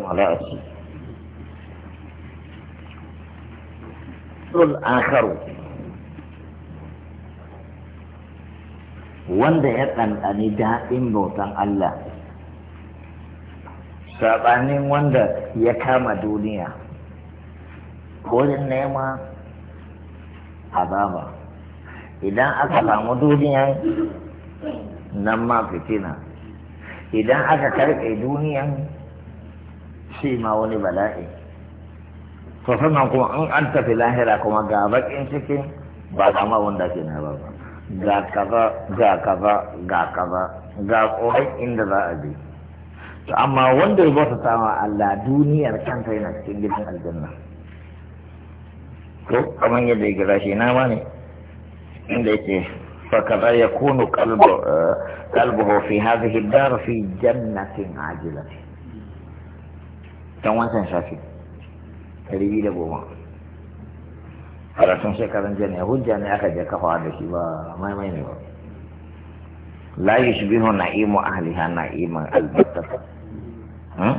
ولا أشي الآخر wanda ya ɗanɗani daɗin bautan Allah saɓanin wanda ya kama duniya wurin nema azaba idan aka samu duniya nan ma fitina idan aka karɓe duniyan shi ma wani bala'i to sannan kuma an an tafi lahira kuma ga bakin cikin ba kama wanda ke na ba ga kaza ga kaza ga kaza ga korai inda za a bi to amma wanda ya bauta sama Allah duniyar kanta yana cikin gidan aljanna to kamar yadda ya gira shi na ma ne inda yake فكذا يكون قلبه, قلبه في هذه الدار في جنة عاجلة dan wancan shafi ɗari biyu da goma karatun shekarun jiya ne hujja ne aka je kafa da shi ba maimai ne ba la yushbihu na'imu ahliha na'iman albatta hmm?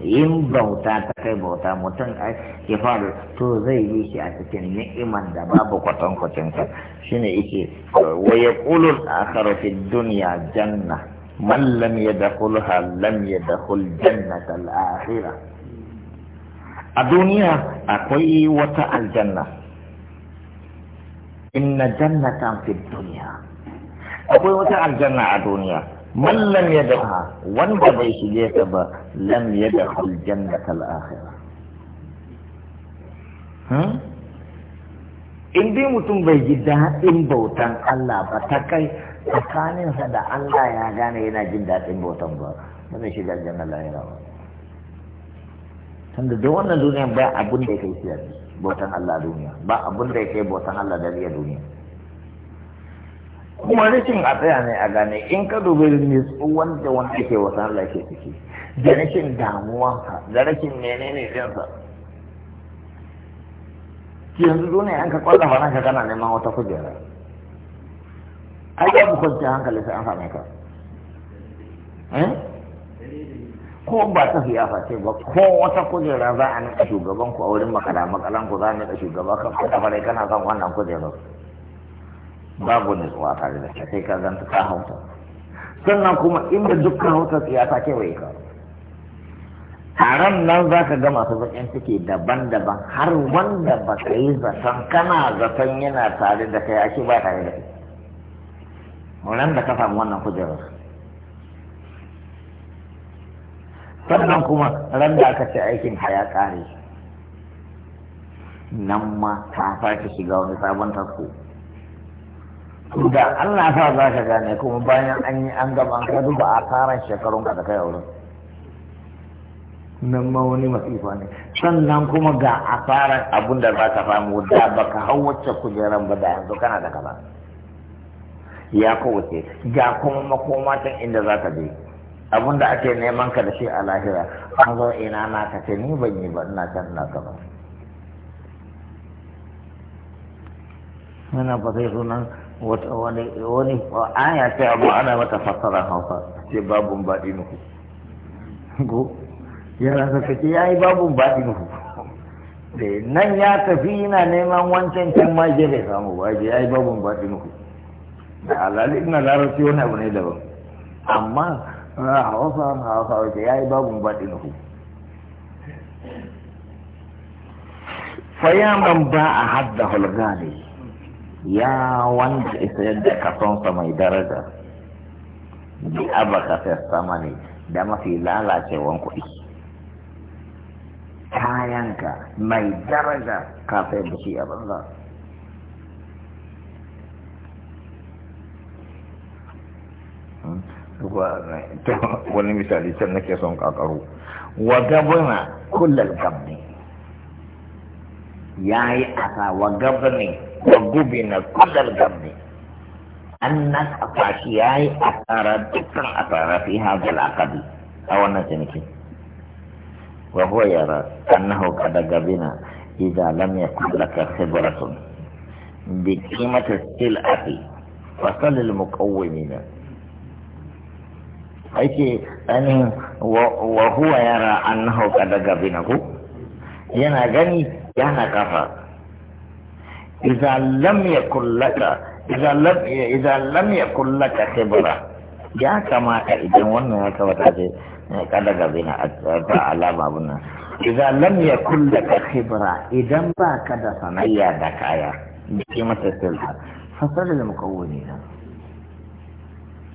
yin bauta ta kai bauta mutum a ke faru to zai yi shi a cikin ni'iman da babu kwatankwacin ka shine yake wa yaqulu al-akhiratu dunya janna من لم يدخلها لم يدخل جنة الآخرة الدنيا أقوي وتاء الجنة إن جنة في الدنيا أقوي وتاء الجنة الدنيا من لم يدخلها وان بيش جيكب لم يدخل جنة الآخرة هم؟ in dai mutum bai ji daɗin bautan Allah ba ta kai tsakaninsa da Allah ya gane yana jin daɗin bautan ba wanda zai shiga aljanna lahira ba tunda da wannan duniya ba abun da kai siyar bautan Allah duniya ba abun da kai bautan Allah da riya duniya kuma rashin a tsaya ne a gane in ka dubi nutsuwan da wanda ke wasan Allah ke ciki da rashin damuwa da rashin menene jinsa yanzu ne an ka kwalla faran ka kana neman wata kujera ai babu kwanciyar hankali sai an same ka eh? ko ba ta fiya face ba ko wata kujera za a nika shugaban ku a wurin makala makalan ku za a nika shugaba ka fada kai kana son wannan kujerar babu nutsuwa tare da sai ka zanta ta hauta sannan kuma inda dukkan hauta siyasa ke kewaye ka haram nan za ka ga masu baƙin ciki daban-daban har wanda ba ka yi zaton kana zaton yana tare da kai ake ba tare da kai wannan da ka samu wannan kujerar sannan kuma ran da aka ce aikin ya ƙare nan ma ta sake shiga wani sabon tasko da Allah sa za ka gane kuma bayan an yi an gaba an ka duba karan shekarun ka da kai a wurin nan ma wani masifa ne sannan kuma ga asarar abin da za ka samu da baka hau wacce kujeran ba da yanzu kana da kaza ya kowace ga kuma can inda za ka je abin da ake neman ka da shi a lahira an zo ina na ka ce ni ban yi ba ina can na ka ba wannan ba sai sunan wani aya ce abu ana mata fassara hausa ce babun baɗi nuku yana saka ya yi babu baɗi muku nan ya tafi yana neman wancan can ma je bai samu ba ya yi babu baɗi muku da alali ina larabci wani abu ne daban amma a wasa a wasa wace ya yi babu baɗi muku fayaman ba a hadda hulgari ya wanda isa yadda kasonsa mai daraja bi abaka sai sama ne da mafi lalacewan kuɗi kayanka mai daraja ka sayar da shi a banza wani misali can nake son kakaro wa gabana kullal gabni ya yi asa wa gabani wa gubina kullal gabni annan fashi. ya yi asara dukkan asara fi hajjal akadi a wannan cinikin وهو يرى أنه قد غبن إذا لم يكن لك خبرة بقيمة السلعة فصل المقومين ake ainihin wa huwa yara an kada daga binaku yana gani yana kafa idan lam yakun laka idan lam yakun laka khibra ya kamata idan wannan ya kawata ce Eh, kada ga zina eh, a alama buna nan idan lam yakun ka khibra idan ba ka da sanayya da kaya biki mata silha fasar da mukawwani nan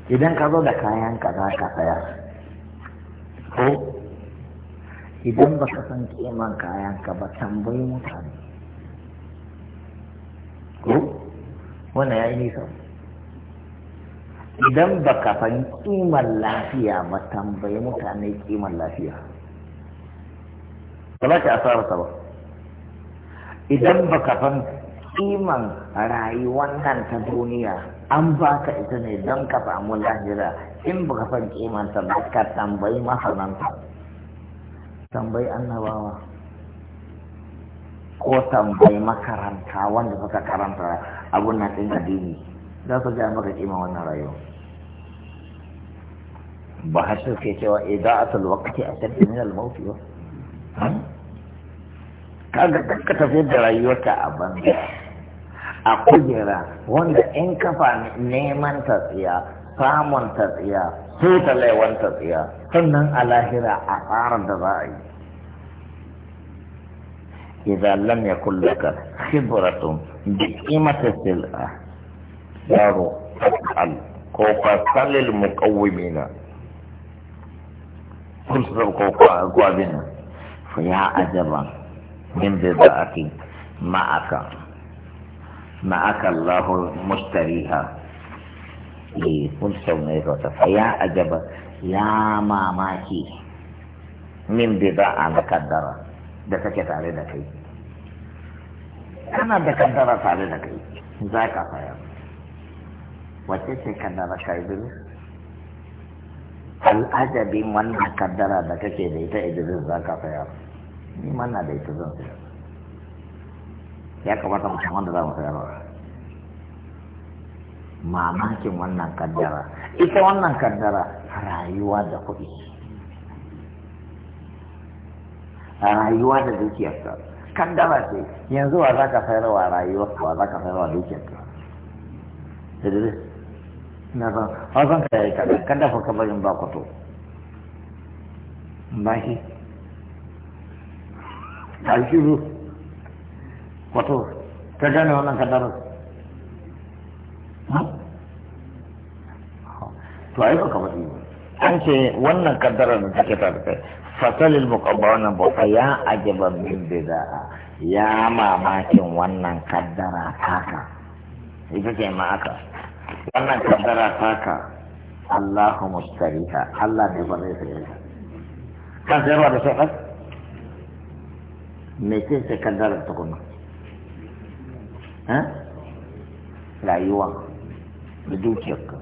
idan ka zo da kayan ka za ka saya ko idan ba ka san kiman kayan ka ba tambayi mutane ko wannan ya yi nisa idan ba ka san kimar lafiya ba tambayi mutane kimar lafiya ba za ka ta ba idan ba ka san kimar rayuwar nan ta duniya an ba ka ita ne don ka samu lahira in ba ka kimar ta ba ka tambayi ta tambayi annabawa ko tambayi makaranta wanda suka karanta abun nan ɗin addini za su ja maka kima wannan rayuwa ba har su ke cewa ida'atul waqti ashaddu min al-mawt ba kaga kakka tafiyar da rayuwarka a banza a kujera wanda in kafa neman tatsiya samun tatsiya su talaiwan tatsiya sannan a lahira a tsarar da za a yi إذا لم يكن لك خبرة بقيمة السلعة yaro fasal ko fasalil muqawwimina kun su ko ko abin fa ya ajaba min bid'ati ma'aka ma'aka Allah mustariha li kun saunai rota fa ya ajaba ya mamaki min bid'a da kaddara da kake tare da kai kana da kaddara tare da kai za ka faya Wace ce kaddara ka idris al'ajabin wannan kaddara da kake da ita idris za ka sayar ni manna da ita zan sayar ya kamata mu wanda za mu ba mamakin wannan kaddara ita wannan kaddara rayuwa da kuɗi rayuwa da dukiyarsa kaddara ce yanzu wa za ka sayarwa rayuwa, wa za ka sayarwa dukiyarsa na san hausan ka yayi kaɗan kan dafa kabarin ba kwato ba shi alfiru kwato ka gane wannan kadarar to a yi baka faɗi ba an ce wannan kaddarar da take ta kai fasalil muqabbawana bota ya ajaba min bid'a ya mamakin wannan kaddara haka. ita ce ma aka wannan kaddara ka. Allahu mustariha Allah ne ba zai saye Ka kan sai ba da sauƙar me ce ce kaddara ta kuma eh? rayuwa da ka.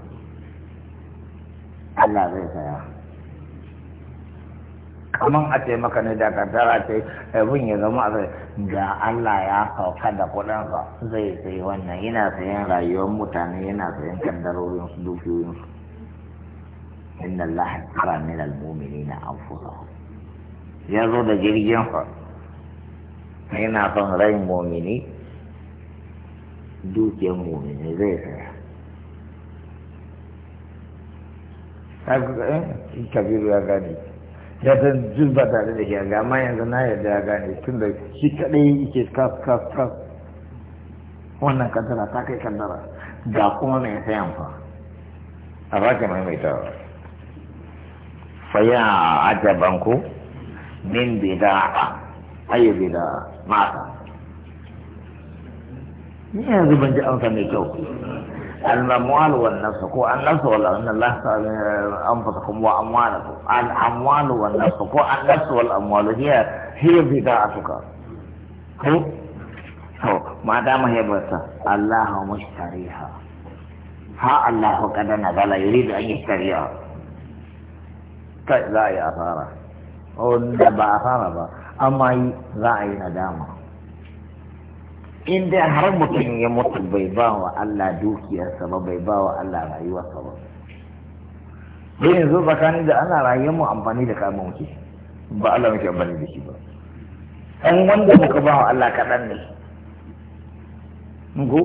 Allah zai saya kaman a ce maka ne da kaddara ce abin ya zama a da Allah ya sauka da kuɗinsa zai sai wannan yana sayan rayuwar mutane yana sayan kandarorin su dukiyoyin su inna Allah kara min almu'minina anfusahum ya zo da jirgin fa yana son rain mu'mini dukiyar mu'mini zai saya eh, kabiru ya gani ya san duk ba tare da shi ga amma yanzu na yarda ya gane tun da shi kadai yake kaf kaf kaf wannan kaddara ta kai kaddara ga kuma mai sayan fa a baka tawa fa ya ajaban ku min a ayi bida mata ni yanzu ban ji amsa mai kyau الأموال والنفس كو النفس وأن الله أنفسكم وأموالكم الأموال والنفس كو والأموال هي هي بداعتك هو ما دام هي بس الله مشتريها ها الله قد نزل يريد أن يشتريها طيب لا يا أثارة وإن با أثارة أما لا أي ندامة in dai har mutum ya mutu bai ba wa Allah dukiyarsa ba bai ba wa Allah rayuwarsa ba dai yanzu tsakanin da ana rayuwar mu amfani da kamun muke ba Allah muke amfani da shi ba ɗan wanda muka ba wa Allah kaɗan ne ko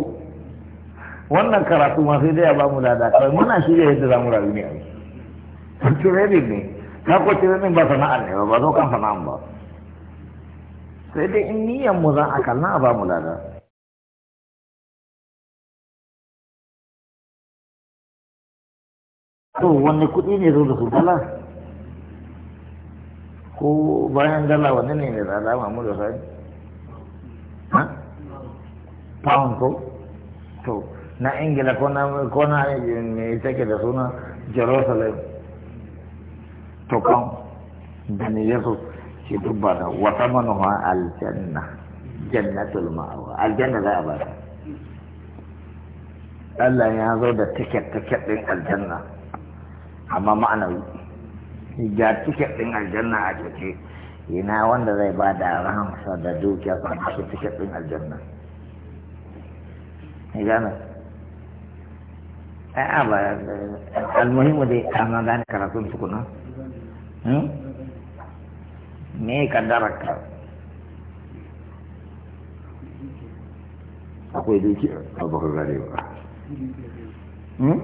wannan karatu ma sai dai ya ba mu lada kawai muna shirya yadda za mu rayu ne a yi ne ne ka ko cire ba sana'a ne ba ba zo kan sana'ar ba sai dai in niyan mu za a kalla a ba mu lada to wani kudi ne zo da su dala ko bayan dala wani ne ne da alama mu da sai ha pound ko to na ingila ko na ko na ne take da suna jerusalem to pound da ne yesus shi dubba da wata manuwa aljanna jannatul ma'awa aljanna za a ba ta Allah ya zo da tiket tiket din aljanna amma ma'anawi ga tiket din aljanna a jiki ina wanda zai ba da ransa da dukiya sa masu tiket din aljanna ni gane a'a ba al-muhimu dai ana gane karatun tukuna hmm? me kaddararka akwai duki a baka gare ba hmm?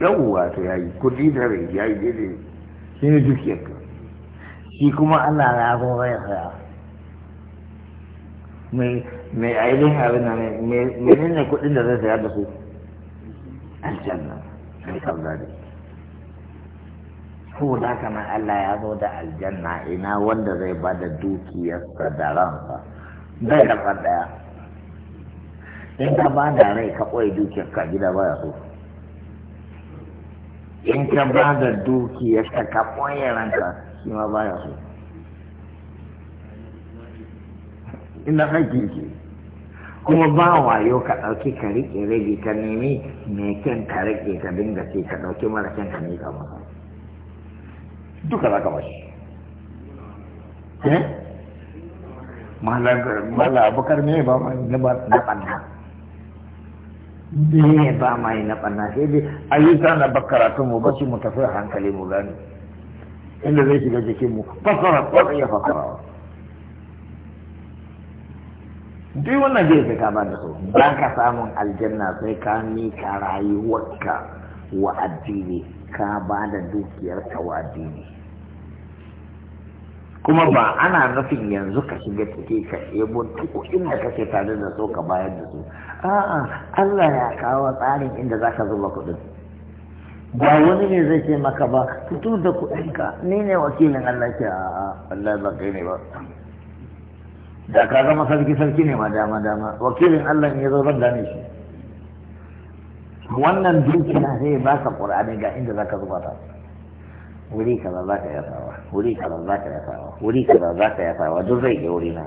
yawuwa to ya kudi da rai ya yi daidai shi ne dukiyarka shi kuma allah ya rai saya mai ainihin abin na mai ne kudin da zai saya da su aljanna mai to da nan Allah ya zo da aljanna ina wanda zai ba da dukiyarsa da ransa bai da daya in ka ba da rai ka ɓoye dukiyar ka gida baya so in ka ba da dukiyarsa ka ɓoye ranka shi ma baya so ina haƙƙi ke kuma ba wayo ka ɗauki ka riƙe rage ka nemi mai kyan ka riƙe ka dinga ce ka ɗauki mara kyan ka miƙa masa duka za ka bashi eh? mala abokar me ba mai na ɓanna me ba mai na ɓanna sai dai ayyuka na bakaratu mu bashi mu tafi hankali mu gani inda zai shiga jikin mu fasara ko ya fasara duk wannan zai sai ka ba da su. ba ka samun aljanna sai ka mika rayuwarka wa addini ka ba da dukiyarka wa addini kuma ba ana nufin yanzu ka shiga take ka ebo duk inda kake tare da so ka bayar da su a'a Allah ya kawo tsarin inda za ka zuba kuɗin ba wani ne zai ce maka ba fito da kuɗinka ni ne wakilin Allah ce a Allah ba kai ne ba da ka zama sarki sarki ne ma dama dama wakilin Allah ne zo ban gane shi wannan dukiya sai baka qur'ani ga inda za ka zuba ta wuri kaza za ka yasawa wuri kaza za ka yasawa wuri kaza za ka yasawa duk zai je wuri na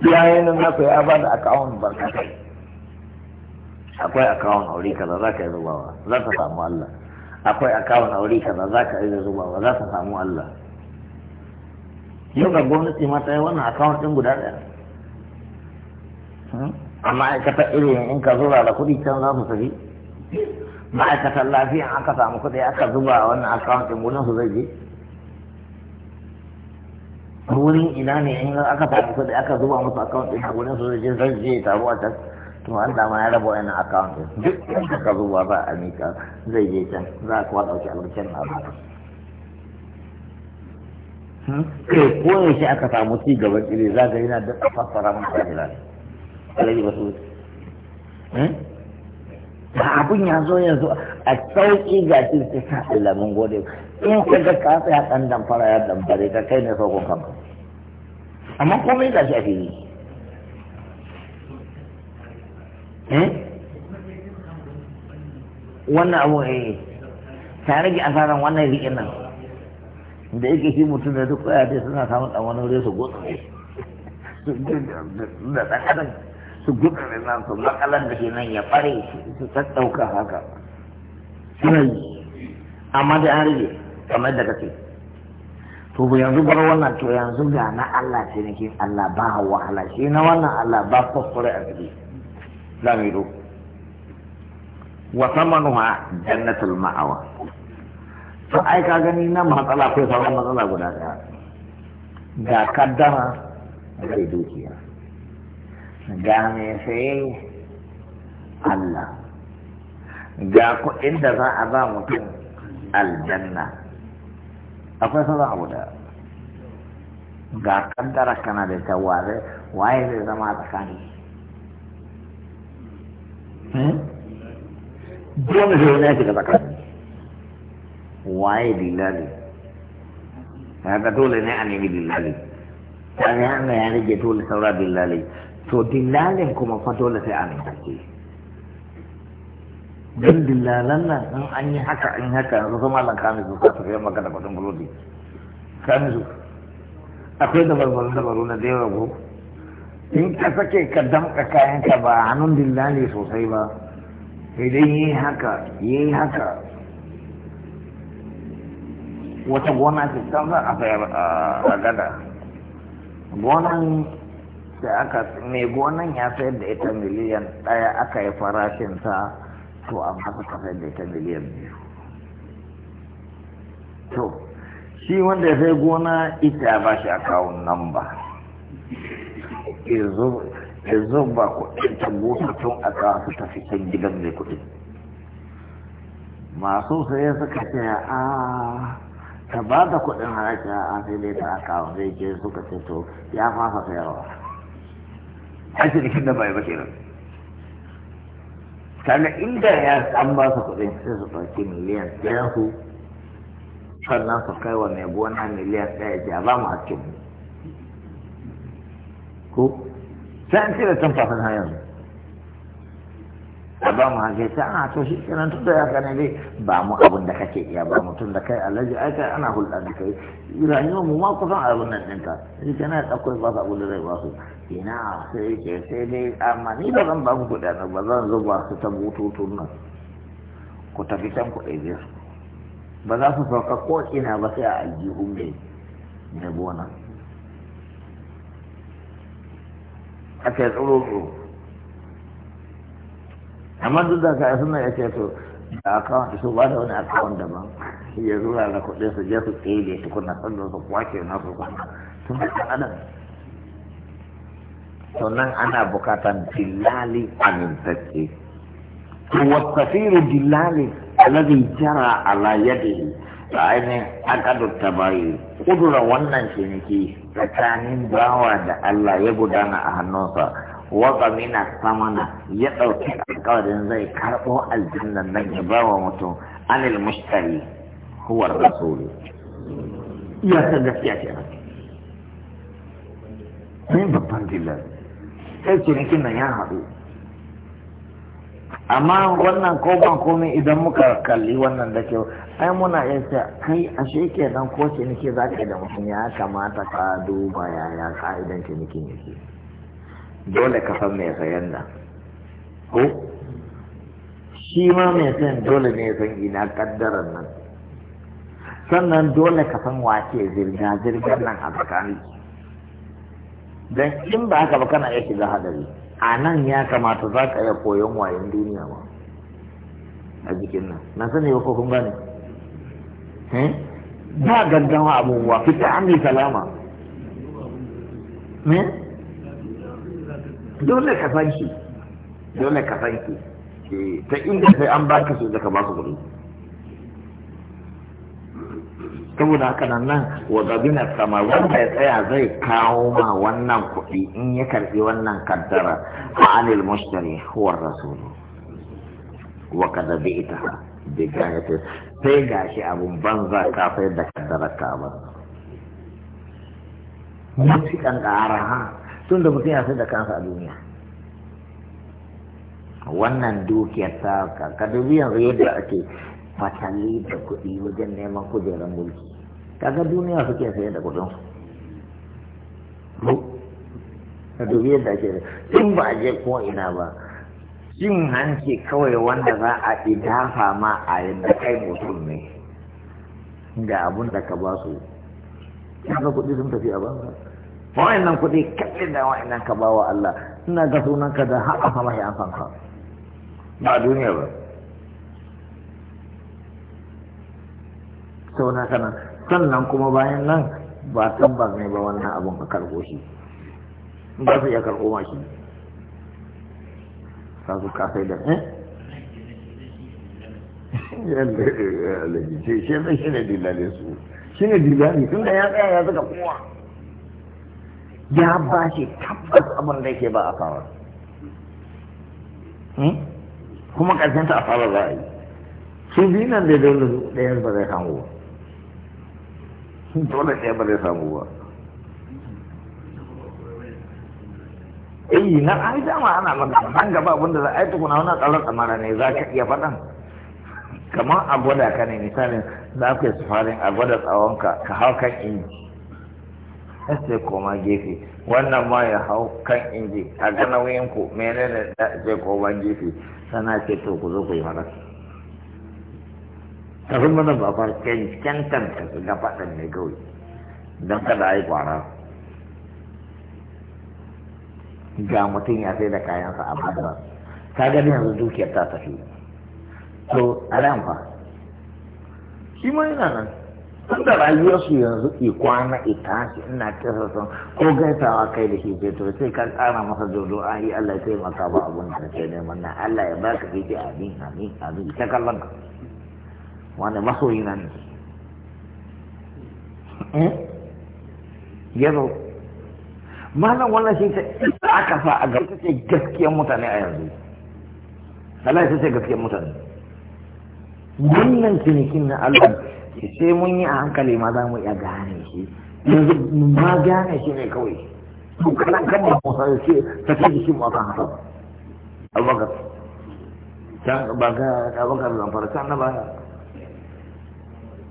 yayin nan za ku ya ba da akawun barkatai akwai akawun aure kaza za ka yi zubawa za ka samu Allah akwai akawun aure kaza za ka yi zubawa za ka samu Allah yau ga gwamnati ma ta yi wannan akawun ɗin guda ɗaya amma aikata irin in ka zura da kuɗi can za mu tafi ma'aikatan lafiya aka samu kuɗi aka zuba a wannan akawuntin wurin su zai je wurin ina ne in aka samu kuɗi aka zuba musu akawuntin a wurin su zai je zai je taro a can to dama ma ya raba wani akawuntin duk in aka zuba ba a mika zai je can za a kuwa ɗauki albarkar na ba hmm? kai eh, ko yaushe aka samu ci gaban ire za ga yana da fassara mun fahimta alai ba su ba abin ya zo yanzu a sauƙi ga shi ta sa Allah mun gode in ka ga ka tsaya ɗan damfara ya damfare ka kai ne sauƙon kanka amma komai ga shi a fili eh? wannan abu eh ta rage asaran wannan riƙin nan da yake shi mutum da duk kwaya suna samun ɗan wani wuri su gotsa da ɗan adam su gudanar nan su makalan da ke nan ya bare su ɗauka haka suna yi amma da an rage kamar da kake to yanzu bar wannan to yanzu ga na Allah ce nake Allah ba wahala shi na wannan Allah ba kuskure a gidi lamiru wa samanuha jannatul ma'awa to ai ka gani na matsala ko sauran matsala guda daya ga kaddara da dukiya ga mai saye Allah ga kuɗin da za a ba mutum aljanna akwai sauran abu da ga kaddara kana da ita waye zai zama a tsakani hmm? dole sai wani ya shiga tsakani waye dillali haka dole ne a nemi dillali ta ne an ya rage dole saura dillali to dillalin kuma fa dole sai amintacce don dillalan nan in an yi haka an yi haka yanzu zama lan kame su sa su kai maka da kudin burodi kame su akwai dabarbaru dabaru na da yawa in ka sake ka damka kayanka ba hannun dillali sosai ba sai dai yi haka yi haka wata gona ce can za a sayar a gada gonan da aka mai gonan ya sayar da ita miliyan ɗaya aka yi farashinsa to amma suka sayar da ita miliyan biyu to shi wanda ya sai gona ita ya bashi akawun nan ba yanzu ba kuɗin ta gusa tun a kawo su tafi can gidan mai kuɗi masu sai suka ce a ta ba da kuɗin haraka a sai dai ta akawun zai ke suka ce to ya fasa sayarwa da kin da bai ba ran kana inda ya an ba su kuɗin sai su ɗauki miliyan ɗaya su sannan su kai wa mai gona miliyan ɗaya ya ba mu hakkin ko sai an cire tun fafin hayan su. a ba mu hake ta a to shi kenan tun da ya kane dai ba mu abin da kake iya ba mu tun da kai alaji ai kai ana hulɗa da kai rayuwar mu ma kusan abin nan ɗinka shi kenan ya ɗauko ba su abin da zai ba su ina sai ke sai dai amma ni ba zan ba ku na ba zan zo ba su ta bututun nan ku tafi can ku ɗaiɗe su ba za su sauka ko ina ba sai a aljihun mai mai gona Ake tsoro tsoro amma duk da ka suna ya ce to da akawun su ba da wani akawun daban ya zura da kuɗin su je su tsaye da tukuna sannan su kwace na su kwana sun da adam sannan ana bukatan dillali amintacce wasafiru dillali alladhi jara ala yadihi da ainihin akadu tabari kudura wannan ciniki tsakanin bawa da Allah ya gudana a hannunsa waka mina samana ya ɗauki alƙawarin zai karɓo aljannan nan ya ba wa mutum anil mushtari huwar rasulu ya san gaskiya ke nan Sai babban dillar sai cinikin nan ya haɗu amma wannan ko ban komai idan muka kalli wannan da kyau ai muna iya ce kai a shekenan ko ciniki za ka yi da mutum ya kamata ka duba yaya ka'idan cinikin yake dole ka san mai sayan nan ko shi ma mai sayan dole ne san ina kaddaran nan sannan dole ka san wace zirga zirgar nan a tsakani don in ba haka ba kana iya shiga hadari a nan ya kamata za ka iya koyon wayan duniya ba a jikin nan na sani ba ko kun gane eh? ba gaggawa abubuwa fita an salama dole ka san shi dole ka san shi eh, ta inda sai an ka su da ka ba su kuɗi saboda haka nan nan wa gabina sama wanda ya tsaya zai kawo ma wannan kuɗi in ya karɓi wannan kaddara a anil mushtari huwar rasulu wa kada bi ita bi gayatu sai gashi abun banza ka sai da kaddara ka ba kan ƙara ha tun da mutum ya fi da kansa a duniya wannan dukiyar ta ka dubi yanzu yadda ake fatali da kuɗi wajen neman kujerar mulki kaga duniya suke sayar da kuɗin ka dubi yadda ake da tun ba a je ko ina ba cin hanci kawai wanda za a idafa ma a yadda kai mutum ne ga abun da ka ba su kaga kuɗi sun tafi a banza nan kuɗi kaɗai da nan ka ba wa Allah ina ga ka da haɗa a sama ya san ka ba duniya ba sau na kana sannan kuma bayan nan ba tabbas ne ba wannan abun ka karɓo shi ba su iya karɓo ma shi ka su ka sai da eh yadda ya lalace shi ne dillalin su shi ne dillalin tun da ya tsaya ya saka kowa ya ba shi tabbas abin da yake ba a fara hmm? kuma karshenta a fara za a yi shi biyu nan da dole ɗayan ba zai samu ba dole ɗaya ba zai samu ba eh na ai dama ana magana nan gaba abin da za a yi tukuna wani tsarar tsamara ne za ka iya faɗan kamar a gwada ka ne misalin za ka yi sufarin a gwada tsawonka ka hau kan inji sai koma gefe wannan ma ya hau kan inji a gana nauyin ku menene da sai koma gefe sana ce to ku zo ku yi mana tafi mana ba far cancantar ta su ga ɗan ne kawai don kada a yi kwara ga mutum ya sai da kayansa a banza ta gani yanzu dukiyar ta tafi to a ran fa shi ma yana nan tunda rayuwarsu yanzu ke kwana ita shi ina kisa son ko gaisawa kai da shi ce to sai ka tsara masa dodo a yi Allah sai maka ba abun da ke neman nan Allah ya baka fice amin amin amin ta kallon ka wani masoyi nan ne eh? yazo malam wannan shi ta aka sa a gaba ce gaskiyar mutane a yanzu Allah ya ce gaskiyar mutane wannan cinikin na Allah sai mun yi a hankali ma za mu iya gane shi yanzu ma gane shi ne kawai to kana kan da musa ce ta ce shi mu akan haka abubakar ba ga na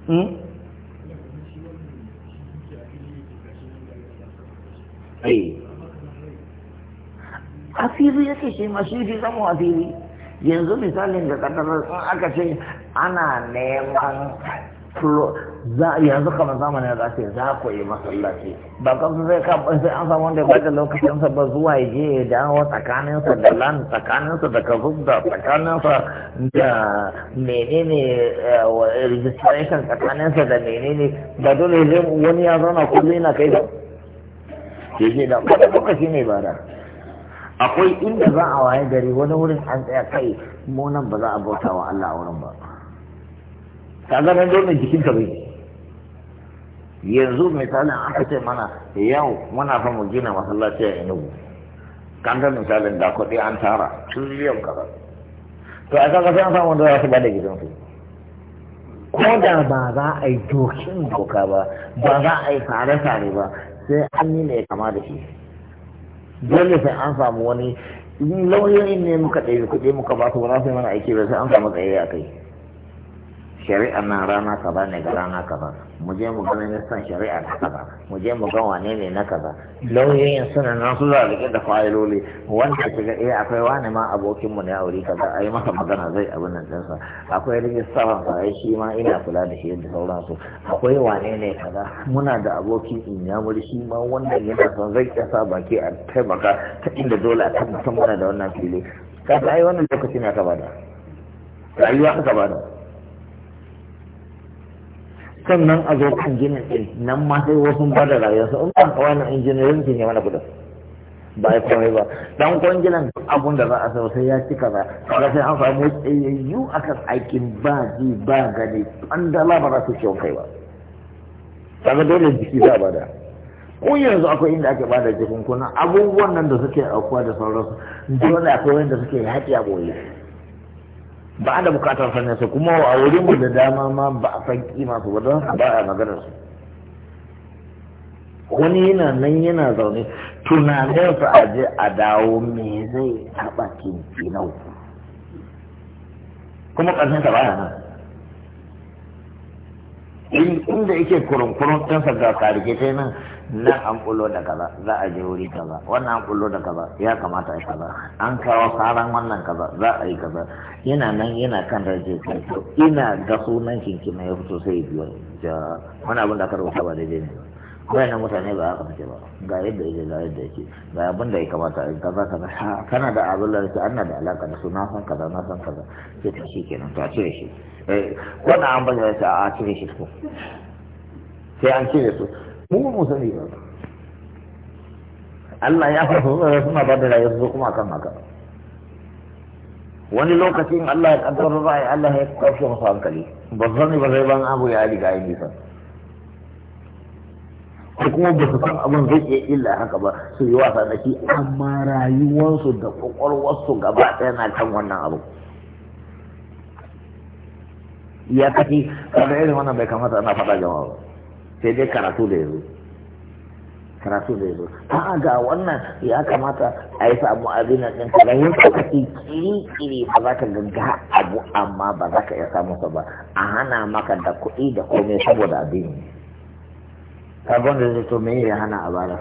hmm? yake shi ma zama yanzu misalin da kadarar sun aka ce ana neman za yanzu kamar zamanin da ce za ku yi masallaci ba kansu zai kan sai an samu wanda ya bada lokacinsa ba zuwa ya je ya dawo tsakaninsa da lan tsakaninsa da ka zubda tsakaninsa da menene eh, registration tsakaninsa da menene ba dole zai wani ya zauna kullum na kai da ke je da kada lokaci ne ba da akwai inda za a waye gari wani wurin an tsaya kai mu nan ba za a bauta wa Allah a wurin ba kaga nan dole jikinka bai yanzu misalin an ce mana yau muna fa mu gina masallaci a Enugu da misalin da kuɗi an tara trillion kaza to a kaga sai an samu da za su bada gidan su ko da ba za a yi dokin doka ba ba za a yi tare-tare ba sai an yi ne kama da shi dole sai an samu wani lauyoyin ne muka ɗaya kuɗi muka ba su ba za su yi mana aiki ba sai an samu tsaye a kai shari'a nan rana kaza ne ga rana kaza mu je mu ga ministan shari'a na kaza mu je mu ga wane ne na kaza lauyoyin suna nan su za rike da fayiloli wanda ki ga eh akwai wani ma abokin mu ne aure kaza yi masa magana zai abin nan din sa akwai rijistaran sa ai shi ma ina kula da shi da sauran su akwai wane ne kaza muna da abokin inyamuri shi ma wanda yana son zai kasa baki a taimaka ta inda dole a tabbatar muna da wannan fili kaza ai wannan lokaci ne aka bada rayuwa aka bada sannan a zo kan ginin ɗin nan ma sai wasu ba da rayuwarsa in ban kawai na injiniyoyin sun yi mana kudu. ba ya kawai ba dan kwangilan abun da za a sau sai ya ci kaza kaga sai an samu tsayayyu akan aikin ba ji ba gani an da ba za su ciwon kai ba kaga dole jiki za ba da ko yanzu akwai inda ake bada jikunkuna abubuwan nan da suke aukuwa da sauransu dole akwai wanda suke haƙi a boye ba da bukatar sanin su kuma a wurin mu da dama ma ba a san kima su don ba a maganar su wani yana nan yana zaune tunanin su a je a dawo me zai taɓa kinkinau kuma ƙarshen ta baya nan inda yake kurunkurun ɗansa ga karike ta nan nan an kullo da kaza za a je wuri kaza wannan an kullo da kaza ya kamata a yi kaza an kawo saran wannan kaza za a yi kaza yana nan yana kan rage kai to ina ga sunan kinki na ya fito sai biyo ja wani abin da aka rubuta ba daidai ne ba na mutane ba a fice ba ga yadda yake ga yadda yake ga abin da ya kamata a yi kaza kaza kana da abin da yake ana da alaka da su na san kaza na san kaza sai ta shi kenan to eh, a cire shi wannan an bayyana a cire shi ko sai an cire su mu mu sani ba Allah ya fara su suna ba da rayu su kuma akan haka wani lokacin Allah ya kaddara ra'ayi Allah ya kaushe masa hankali ba sani ba zai ban abu ya riga ya nisa ko kuma ba su san abin zai iya illa haka ba su yi wasa da shi amma rayuwarsu da kwakwalwarsu gaba ɗaya na kan wannan abu ya kaci kada irin wannan bai kamata ana faɗa jama'a ba sai dai karatu da yanzu karatu da yanzu a'a ga wannan ya kamata a yi samu abin nan ɗin kalan yin kwaki kiri-kiri ba za ka gaga abu amma ba za ka iya samu ba a hana maka da kuɗi da komai saboda abin sabon da zato to me ya hana a bara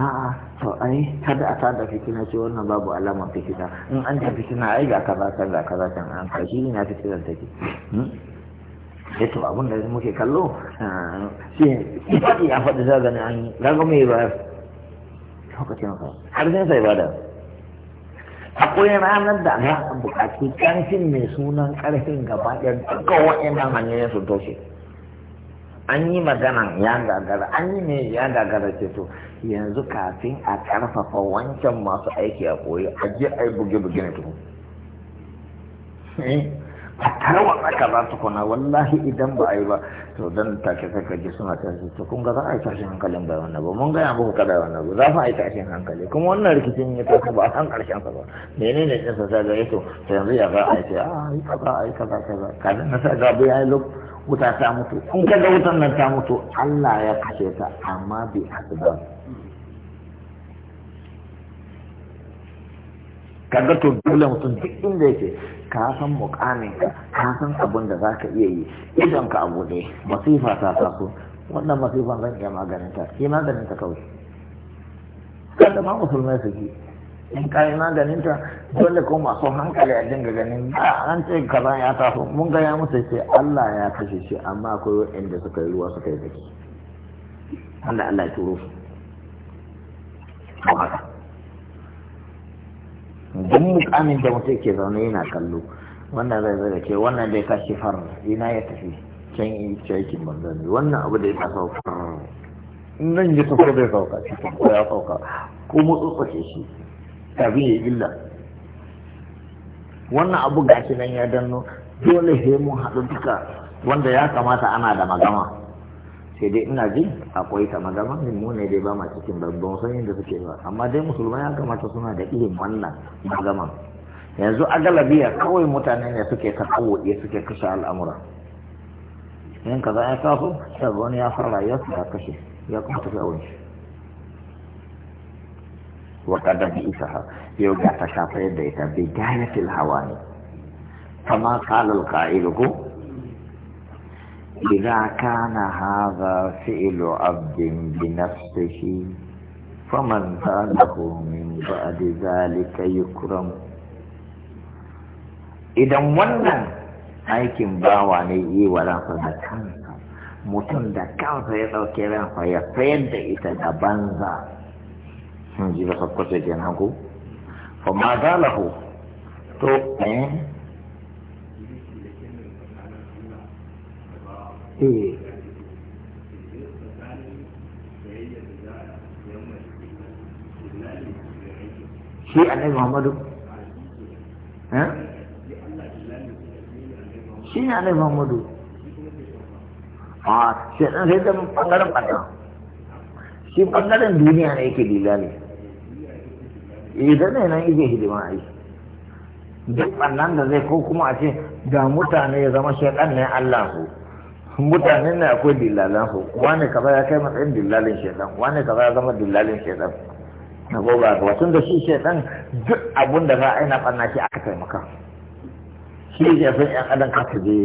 a'a to ai kada a tada fitina ce wannan babu alamar fitina in an ta fitina ai ga kaza kaza kaza kan an kashi ina fitina take sai eh, to da muke kallo ah, shi faɗi a faɗi za gani an yi mai ba lokacin ka har sai sai bada akwai ranar da za a buƙaci ƙarfin mai sunan ƙarfin gaba ɗaya duka waɗannan hanyoyin su toshe an yi magana ya gagara an yi ne ya gagara ce to yanzu kafin a ƙarfafa wancan masu aiki a koyi a je a yi buge-buge na tuhu eh? a tarwa tsaka za su kuna wallahi idan ba a yi ba to don take sai ka ji suna tashi to kun ga za a yi tashin hankalin ba wannan ba mun gaya muku kada wannan ba za fa a yi tashin hankali kuma wannan rikicin ya tafi ba a san karshen sa ba menene ne sa sai ga yato eh to yanzu ya ga a yi ah, a yi kaza a yi kaza kaza kaza na sa ga bai lok wuta ta mutu Kun kada wutan nan ta mutu Allah ya kashe ta amma bi asbab kaga to dole mutum duk inda yake ka san mukamin ka ka san abin da zaka iya yi idan ka abu ne, masifa ta taso wannan masifan zan iya maganin ta shi maganin ta kawai kada ma musulmai su ji in ka yi maganin ta dole ko masu hankali a dinga ganin ba ah, an ce kaza ya taso mun ga ya musu ce Allah ya kashe shi amma akwai da suka yi ruwa suka yi zaki wanda Allah ya turo su. duk mukamin da mutum ke zaune yana kallo wannan zai zai ce wannan da ya tashi far ina ya tafi can yi cikin banza ne wannan abu da ya ta sauka Nan ji ta bai sauka cikin ko ya sauka ko mutsutsuke shi tafi ya illa wannan abu gashi nan ya danno dole sai mun haɗu duka wanda ya kamata ana da magana sai dai ina ji akwai ta magana mu ne dai ba ma cikin babban sanyin da suke ba amma dai musulmai ya kamata suna da irin wannan magana yanzu a galabiya kawai mutane ne suke ta kawoye suke kashe al'amura yin ka za a kafo sai wani ya fara ya ya kashe ya kuma tafi a wani wa kada isa ha yau ga ta shafa yadda ita bai gaya hawa ne kama kalal ka'ilu ko إذا كان هذا فعل عبد بنفسه فمن زاده من بعد ذلك يكرم idan wannan aikin bawa ne yi wa da kansa mutum da kansa ya ɗauke ransa ya sayar da ita da banza sun ji da sakwace kenan fa ma zalahu to eh Hmm. shi annabi muhammadu eh? shi ne annabi muhammadu a ah, shaidan sai da bangaren ɓangaren shi ɓangaren duniya ne yake dilali idan eh, ne nan yake hidima a yi duk ɓannan da zai ko kuma a ce da mutane ya zama shaidan ne allahu mutanen ne akwai dillalan su wani kaza ya kai matsayin dillalin shaidan wani kaza ya zama dillalin shaidan na goba ga wasu da shi shaidan duk abun da za a yi na ɓanna shi aka taimaka shi ne sun yan adam ka je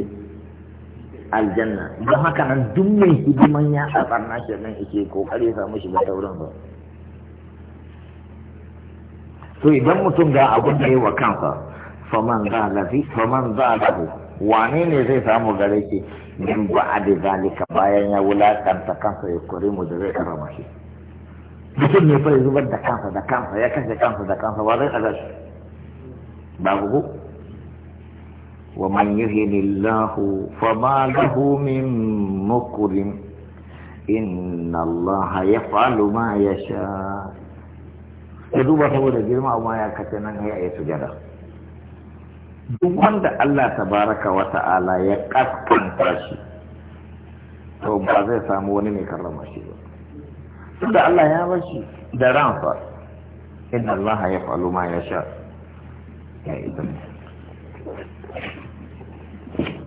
aljanna don haka nan duk mai hidiman ya a ɓanna shaidan yake kokari ya samu ba ta wurin ba to idan mutum ga abun da ya wa kansa faman za lafi faman za lahu wane ne zai samu gare ki min da zalika bayan ya wulakanta kansa ya kore mu da zai karama shi mutum ne fa ya zubar da kansa da kansa ya kashe kansa da kansa ba zai ɗaga shi ba ku wa man yuhini Allahu fa ma lahu min mukrim inna Allah yaf'alu ma yasha ya duba saboda girma amma ya kace nan ya yi sujada duk wanda Allah tabaraka wa ta'ala ya kaskanta shi to ba zai samu wani ne karrama shi ba tunda Allah ya bar shi da ransa inna Allah ya falu ma ya sha ya idan